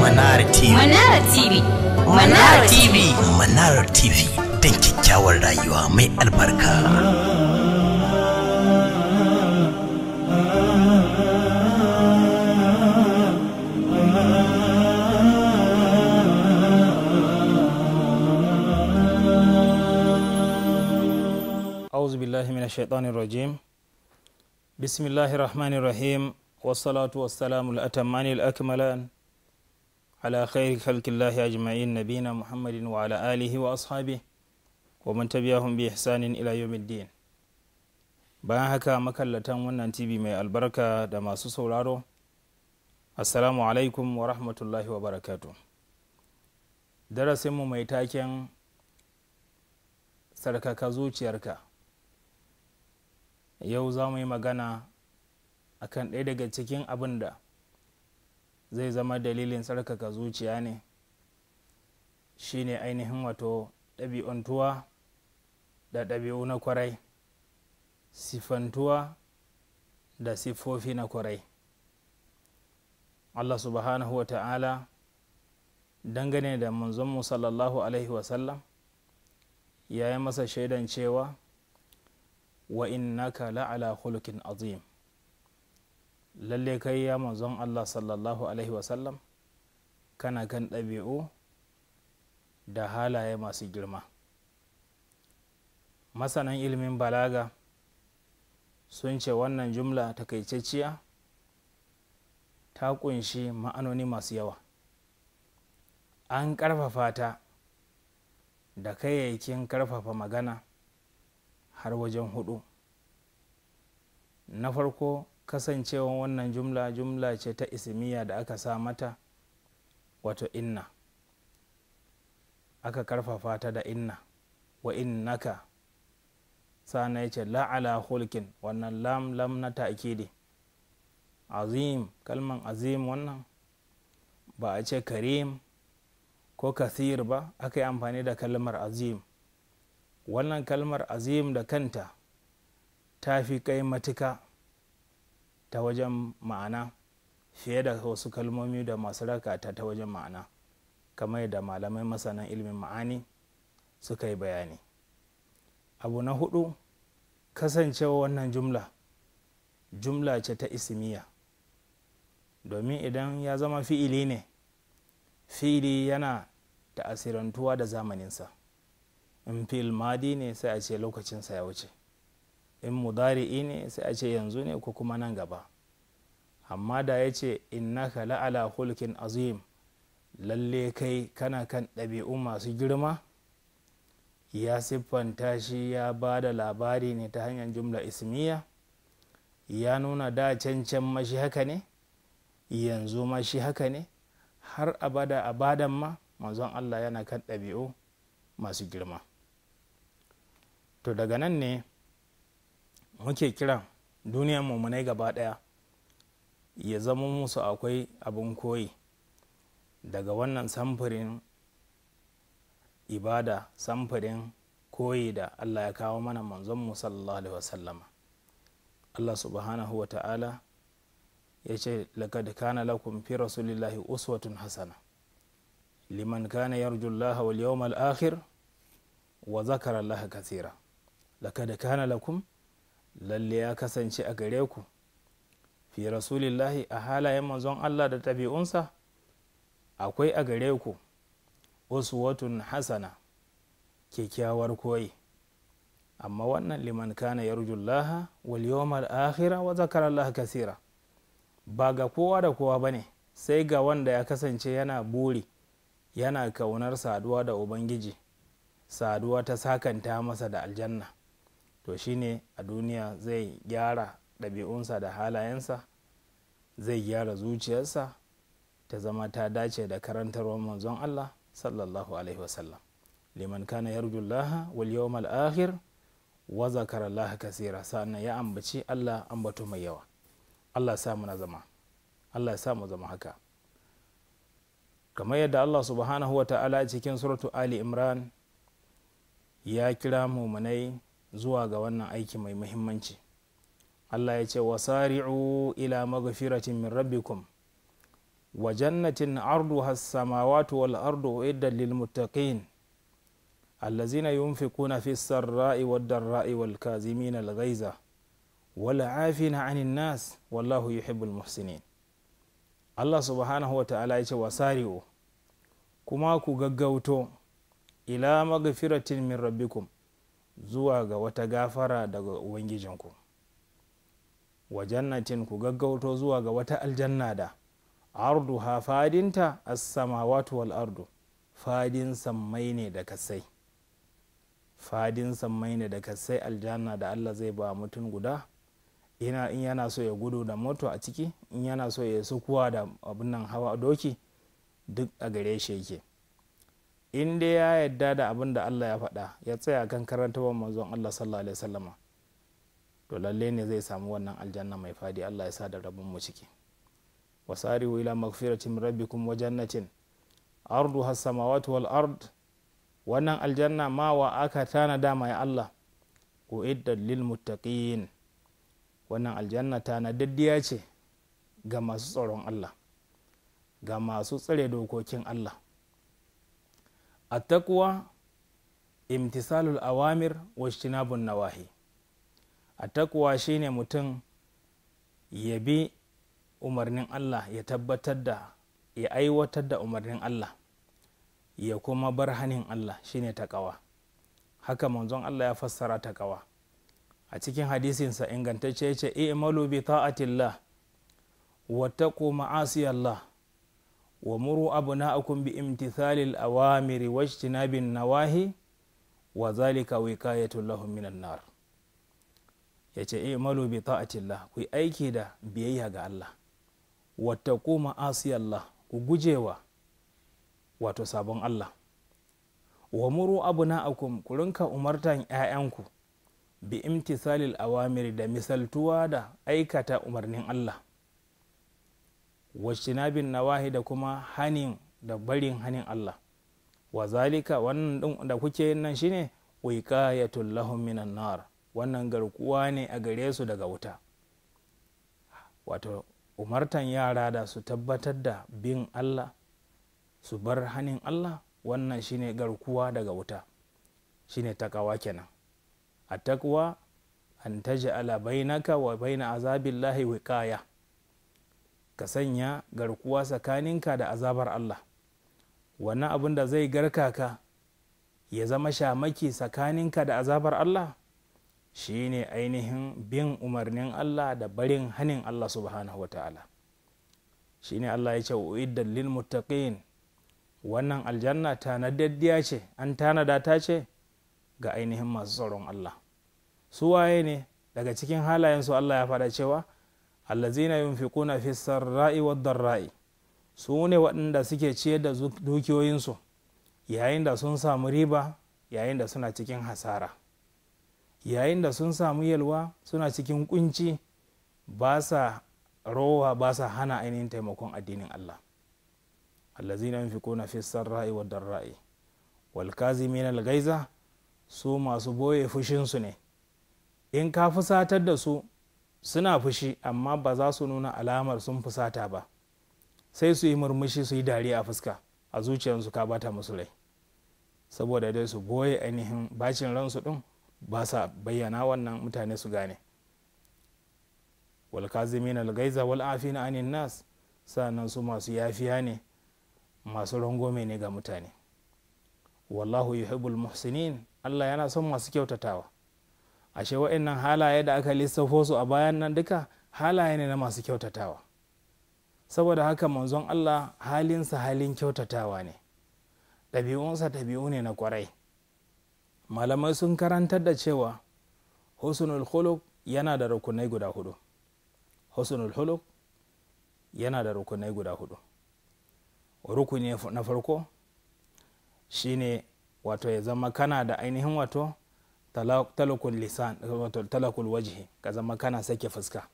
Manara TV. Manara TV. Manara TV. Manara TV. Don kyakkyawar rayuwa mai albarka. أعوذ بالله من الشيطان الرجيم بسم الله الرحمن الرحيم والصلاة والسلام الأتمان الأكملان على خير خلق الله أجمعين نبينا محمد وعلى آله وأصحابه ومن تبعهم بإحسان إلى يوم الدين bayan haka makallatan wannan tv mai albarka da masu sauraro assalamu alaikum wa rahmatullahi wa barakatu darasinmu mai taken sarkaka zuciyarka yau za mu yi magana akan ɗaya daga cikin abinda. zai zama dalilin tsarkaka zuciya ne shi ne ainihin wato ɗabi'antuwa da ɗabi'u na kwarai sifantuwa da siffofi na kwarai allah subhanahu wa ta'ala dangane da manzonmu sallallahu alaihi wasallam ya yi masa shaidan cewa wa innaka la'ala khuluqin azim lalle kai ya manzon allah sallallahu alaihi wasallam kana kan ɗabi'u da halaye masu girma masanan ilimin balaga sun ce wannan jumla takaitacciya ta kunshi ma'anoni masu yawa an ƙarfafa ta da kayayyakin ƙarfafa magana har wajen hudu na farko Kasancewa wannan jumla jumla ce ta isimiya da aka sa mata wato inna aka karfafa ta da inna wa innaka sana ya ce la'ala hulkin wannan lam lam na ta'kidi azim kalman azim wannan ba a ce karim ko kathir ba aka yi amfani da kalmar azim wannan kalmar azim da kanta ta fi kai matuka ta wajen ma'ana fiye da wasu kalmomi da masu rakata ta wajen ma'ana kamar da malamai masanan ilimin ma'ani suka yi bayani abu na hudu kasancewa wannan jumla jumla ce ta ismiya domin idan ya zama fi'ili ne fi'ili yana ta'asirantuwa da zamaninsa in fi'il madi ne sai a ce lokacinsa ya wuce in mudari'i ne sai a ce yanzu ne ko kuma nan gaba amma da ya ce innaka la'ala hulkin azim lalle kai kana kan ɗabi'u masu girma ya siffanta shi ya ba da labari ne ta hanyar jumla ismiya ya nuna da cancan mashi haka ne yanzu mashi haka ne har abada abadan ma manzon allah yana kan ɗabi'u masu girma to daga nan ne muke kiran duniyar mummunai gaba ɗaya ya zama musu akwai abin koyi daga wannan samfurin ibada samfurin koyi da allah ya kawo mana manzon sallallahu alaihi wasallama allah subhanahu wa ta'ala ya ce laqad kana lakum fi rasulillahi uswatun hasana liman kana yarju allaha wal yawmal akhir wa zakara allaha kathira laqad kana lakum lalle ya kasance a gare ku fi rasulillahi a halayen manzon Allah da tabi'unsa akwai a gare ku watun hasana kyakkyawar koyi amma wannan liman kana yarjullaha wal yawmal akhira wa karar kasira ba ga kowa da kowa ba ne, sai ga wanda ya kasance yana buri yana kaunar saduwa da ubangiji saduwa ta sakanta masa da aljanna to shine a duniya zai gyara ɗabi'unsa da halayensa zai gyara zuciyarsa ta zama ta dace da karantarwar manzon Allah sallallahu alaihi wasallam liman kana yarjullaha wal yawmal akhir wa zakara Allah kasira sannan ya ambaci Allah ambato mai yawa Allah ya mu na zama Allah ya mu zama haka kamar yadda Allah subhanahu wa ta'ala cikin suratu Ali Imran ya kira munai zuwa ga wannan aiki mai muhimmanci Allah ya ce wasari'u ila magfiratin min rabbikum wa jannatin ardu samawati wal ardu uiddat lil muttaqin allazina yunfiquna fi sarra'i wad darra'i wal kazimin al ghayza wal 'anil nas wallahu yuhibbul muhsinin Allah subhanahu wa ta'ala ya ce wasari'u kuma ku gaggauto ila magafiratin min rabbikum zuwa ga wata gafara daga ubangijinku wa jannatin ku gaggauto zuwa ga wata aljanna da ardu ha fadinta as watu wal ardu fadin sammai ne da kasai fadin sammai ne da kasai aljanna da Allah zai ba mutum guda in yana so ya gudu da moto a ciki in yana so ya sukuwa da abin nan hawa doki duk a gare shi yake in dai ya yadda da abin da Allah ya faɗa ya tsaya kan karantawan manzon Allah sallallahu alaihi wasallama to lalle ne zai samu wannan aljanna mai fadi Allah ya sa da rabin mu ciki wa ila magfiratin rabbikum wa jannatin ardu has samawati wal ard wannan aljanna ma wa aka tana da mai Allah uiddat lil muttaqin wannan aljanna tana daddiya ce ga masu tsaron Allah ga masu tsare dokokin Allah التقوى امتثال الأوامر واجتناب النواهي shine mutum ya bi umarnin Allah ya tabbatar da ya aiwatar da umarnin Allah ya kuma bar hanin Allah shine takawa haka manzon Allah ya fassara takawa a cikin hadisinsa sa ya ce i'malu bi ta'atillah wa taqu ma'asiyallah ومروا أبناءكم بامتثال الأوامر واجتناب النواهي وذلك وقاية لهم ya ce yace i'malu bi ta'atillah ku aiki da biyayya ga Allah wattaqu ma'asi Allah ku gujewa wato sabon Allah wa muru na ku rinka umartan 'ya'yanku bi imtisalil awamiri da misaltuwa da aikata umarnin Allah wajtinabin nawahi da kuma hanin da barin hanin Allah wa zalika wannan da kuke nan shine wiqayatul lahum minan nar wannan garkuwa ne a gare su daga wuta wato umartan yara da su tabbatar da bin Allah su bar hanin Allah wannan shine garkuwa daga wuta shine takawa kenan a takwa an taji ala bainaka wa baina lahi wiqaya ka sanya garkuwa tsakaninka da azabar Allah wannan abin da zai garka ka ya zama shamaki tsakaninka da azabar Allah shi ne ainihin bin umarnin Allah da barin hanin Allah subhanahu ta'ala shi ne Allah ya ce uiddan lil muttaqin wannan aljanna tanadaddiya ce an tanada ta ce ga ainihin masu tsaron Allah su waye ne daga cikin halayensu Allah ya faɗa cewa allazina yunfiquna fi sarra'i wad darra'i su ne waɗanda suke ciyar da dukiyoyinsu yayin da sun samu riba yayin da suna cikin hasara yayin da sun samu yalwa suna cikin kunci ba sa rowa ba sa hana ainihin taimakon addinin Allah allazina yunfiquna fi sarra'i wad darra'i wal kazimin al gaiza su masu boye fushinsu ne in ka fusatar da su suna fushi amma ba za su nuna alamar sun fusata ba sai su yi murmushi su yi dariya a fuska a zuciyarsu ka bata musu rai saboda dai su goye ainihin bacin ransu din ba sa bayyana wannan mutane su gane walkazimin algaiza wal na anin nas sannan su masu yafiya ne masu rangome ne ga mutane wallahu yuhibbul muhsinin allah yana son masu kyautatawa ashe wa'annan halaye da aka lissafo su a bayan nan duka halaye ne na masu kyautatawa saboda haka manzon allah halinsa halin kyautatawa ne ɗabi'unsa ɗabi'u ne na kwarai malamai sun karantar da cewa husnul khuluq yana da rukunai guda hudu husnul khuluq yana da rukunai guda hudu rukuni na farko shine wato ya zama kana da ainihin wato talakul lisan wato talakul wajhi ka zama kana sake fuska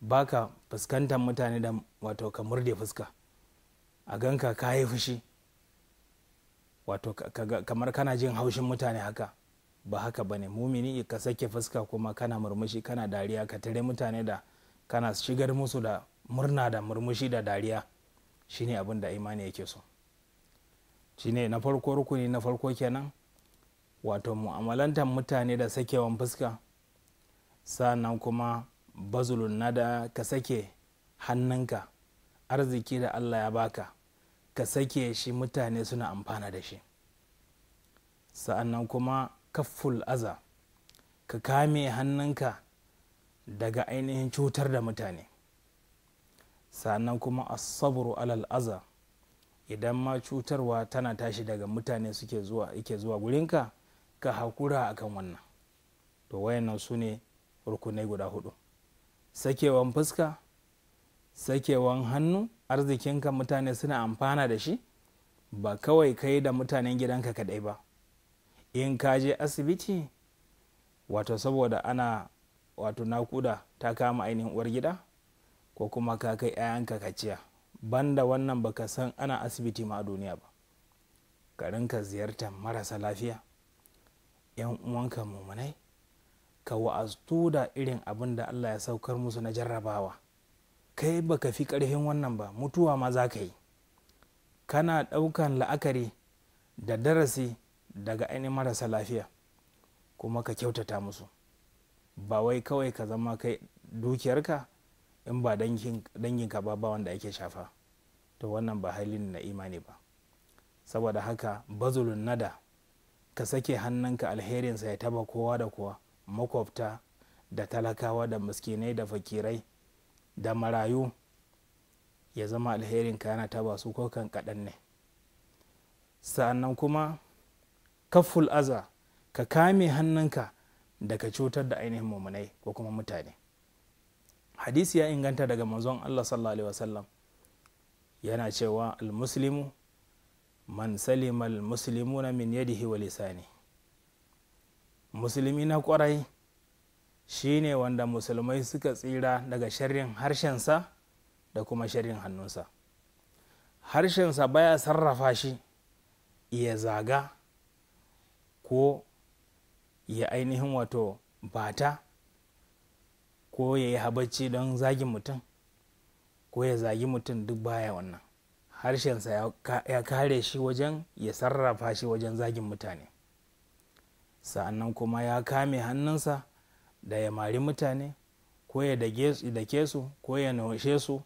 baka fuskantar mutane da wato ka murde fuska a ganka ka yi fushi wato kamar kana jin haushin mutane haka ba haka bane mumini ka sake fuska kuma kana murmushi kana dariya ka tare mutane da kana shigar musu da murna da murmushi da dariya shine abin da imani yake so shine na farko rukuni na farko kenan wato mu'amalantar mutane da sakewan fuska sannan kuma bazulun na da ka sake hannunka arziki da allah ya baka ka sake shi mutane suna amfana da shi sa'annan kuma kafful aza ka kame hannunka daga ainihin cutar da mutane sannan kuma asabru alal aza idan ma cutarwa tana tashi daga mutane suke zuwa ike zuwa gurinka ka hakura a kan wannan to wayannan su ne rukunai guda hudu sakewan fuska sakewan hannu arzikinka mutane suna amfana da shi ba kawai kai da mutanen gidanka kadai ba in ka je asibiti wato saboda ana wato nakuda ta kama ainihin uwar gida ko kuma ka kai 'ya'yanka kaciya banda wannan baka san ana asibiti ma a duniya ba ka rinka ziyartar marasa lafiya 'yan uwanka mumunai ka wa'aztu da irin abin da Allah ya saukar musu na jarrabawa kai baka fi ƙarfin wannan ba mutuwa ma za ka yi kana ɗaukan la'akari da darasi daga ainihin marasa lafiya kuma ka kyautata musu ba wai kawai ka zama kai dukiyarka in ba danginka ba ba wanda ake shafa to wannan ba halin na imani ba saboda haka bazulun nada ka sake hannunka alherinsa ya taba kowa da kowa makwabta da talakawa da miskinai da fakirai da marayu ya zama alherinka yana taba su ko kan kaɗan ne sa'annan kuma ka aza ka kame hannunka ka cutar da ainihin mummunai ko kuma mutane hadisi ya inganta daga manzon allah sallallahu alaihi wasallam yana cewa almuslimu man salimal muslimuna min yadihi wa lisani musulmi na kwarai shine wanda musulmai suka tsira daga sharrin harshensa da kuma sharrin hannunsa harshensa baya sarrafa shi iya zaga ko ya ainihin wato bata ko ya yi habacci don zagin mutum ko ya zagi mutum duk baya wannan harshensa ya kare shi wajen ya sarrafa shi wajen zagin mutane sa'annan kuma ya kame hannunsa da ya mari mutane ko ya dake su ko ya naushe su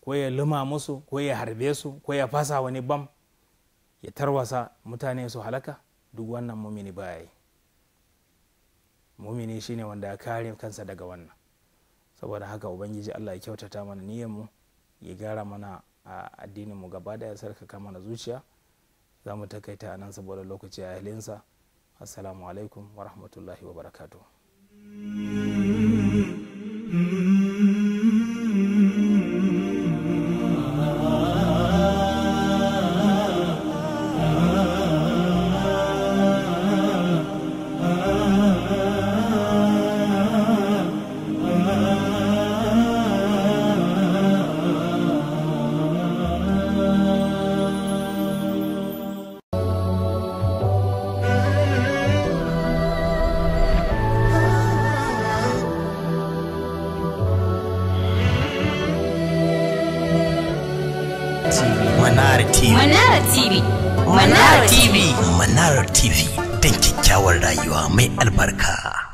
ko ya luma musu ko ya harbe su ko ya fasa wani bam ya tarwasa mutane su halaka duk wannan mumini baya yi mumini shine wanda ya kare kansa daga wannan saboda haka ubangiji allah ya kyautata mana mu ya gyara mana a addinin mu gaba da ya sarkaka mana zuciya za mu takaita nan saboda lokaci a halinsa assalamu alaikum wa rahmatullahi wa barakatuh TV. Manara TV. Manara TV don kyakkyawar rayuwa mai albarka.